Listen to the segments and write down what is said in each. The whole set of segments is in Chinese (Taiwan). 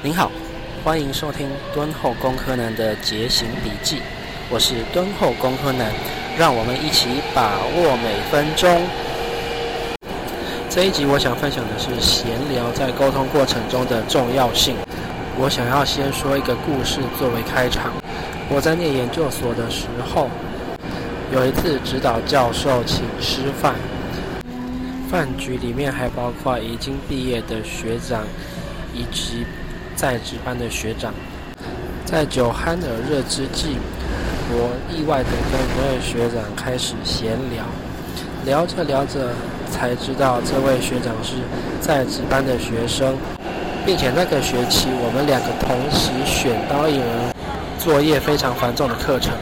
您好，歡迎收聽敦厚工科男的節行筆記，我是敦厚工科男，讓我們一起把握每分鐘。這一集我想分享的是閒聊在溝通過程中的重要性。我想要先說一個故事作為開場。我在念研究所的時候，有一次指導教授請吃飯，飯局裡面還包括已經畢業的學長以及。在職班的學長，在酒酣耳熱之際，我意外的跟一位學長開始閒聊，聊着聊着才知道這位學長是，在職班的學生，並且那個學期我們兩個同時選到一門作業非常繁重的課程，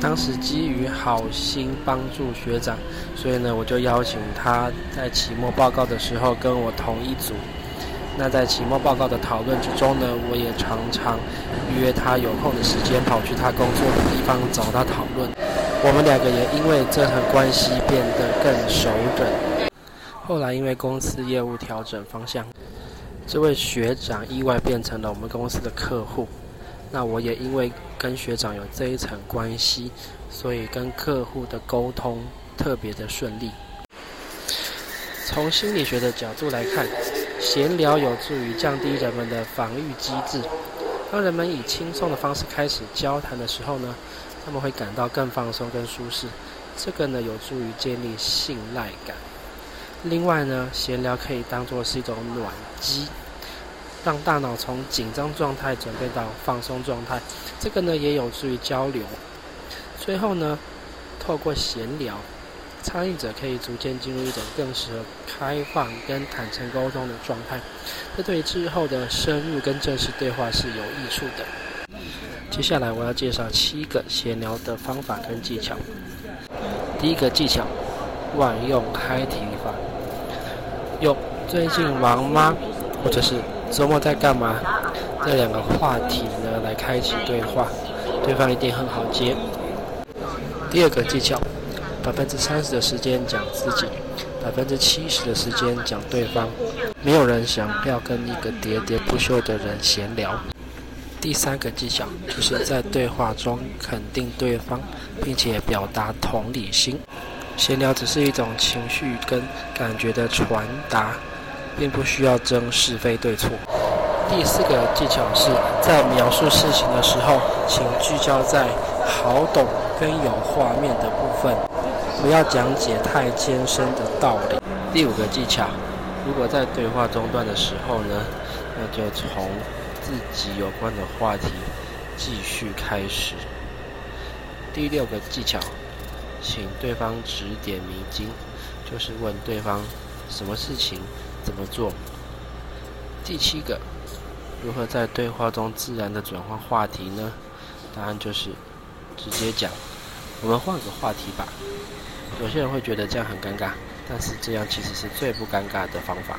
當時基於好心幫助學長，所以呢我就邀請他在期末報告的時候跟我同一組。那在期末報告的討論之中呢，我也常常約他有空的時間跑去他工作的地方找他討論。我們兩個也因為這層關係變得更熟稔。後來因為公司業務調整方向，這位學長意外變成了我們公司的客戶。那我也因為跟學長有這一層關係，所以跟客戶的溝通特別的順利。從心理學的角度來看。閒聊有助於降低人們的防禦機制。當人們以輕鬆的方式開始交談的時候呢，他們會感到更放鬆、更舒適。這個呢，有助於建立信賴感。另外呢，閒聊可以當做是一種暖機，讓大腦從緊張狀態轉變到放鬆狀態。這個呢，也有助於交流。最後呢，透過閒聊，參與者可以逐漸進入一種更適合開放跟坦誠溝通的狀態，這對於之後的深入跟正式對話是有益處的。接下來我要介紹七個閒聊的方法跟技巧。第一個技巧，萬用開題法，用“最近忙嗎”或者是“週末在幹嘛”這兩個話題呢，來開啟對話，對方一定很好接。第二個技巧。百分之三十的時間講自己，百分之七十的時間講對方。沒有人想要跟一個喋喋不休的人閒聊。第三個技巧就是在對話中肯定對方，並且表達同理心。閒聊只是一種情緒跟感覺的傳達，並不需要爭是非對錯。第四個技巧是在描述事情的時候，請聚焦在好懂跟有畫面的部分。不要講解太艱深的道理。第五個技巧，如果在對話中斷的時候呢，那就從自己有關的話題繼續開始。第六個技巧，請對方指點迷津，就是問對方什麼事情怎麼做。第七個，如何在對話中自然地轉換話題呢？答案就是直接講。我們換個話題吧。有些人會覺得這樣很尷尬，但是這樣其實是最不尷尬的方法。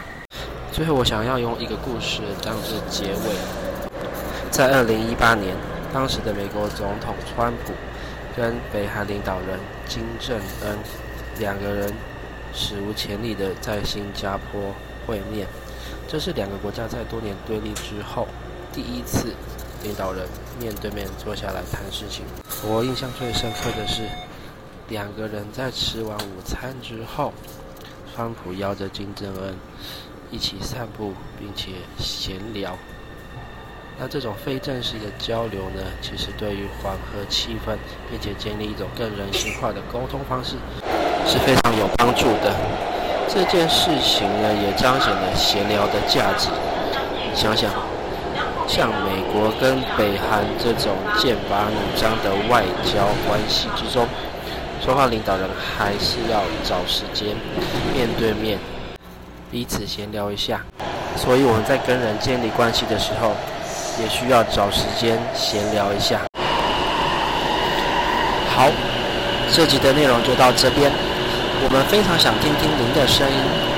最後，我想要用一個故事當作結尾。在二零一八年，當時的美國總統川普跟北韓領導人金正恩兩個人史無前例的在新加坡會面，這是兩個國家在多年對立之後第一次。領導人面對面坐下來談事情，我印象最深刻的是，兩個人在吃完午餐之後，川普邀着金正恩一起散步，並且閒聊。那這種非正式的交流呢，其實對於緩和氣氛，並且建立一種更人性化的溝通方式，是非常有幫助的。這件事情呢，也彰顯了閒聊的價值。想想。像美國跟北韓這種劍拔弩張的外交關係之中，雙方領導人還是要找時間面對面彼此閒聊一下。所以我們在跟人建立關係的時候，也需要找時間閒聊一下。好，這集的內容就到這邊。我們非常想聽聽您的聲音。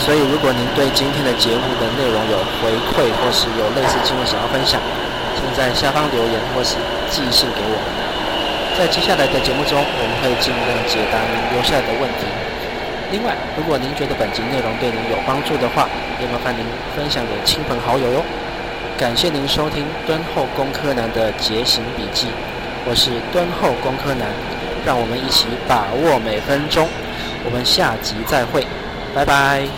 所以，如果您對今天的節目的內容有回饋，或是有類似經驗想要分享，請在下方留言，或是寄信給我們。在接下來的節目中，我們會盡量解答您留下來的問題。另外，如果您覺得本集內容對您有幫助的話，也麻煩您分享給親朋好友喲。感謝您收聽敦厚工科男的節行筆記，我是敦厚工科男，讓我們一起把握每分鐘。我們下集再會，拜拜。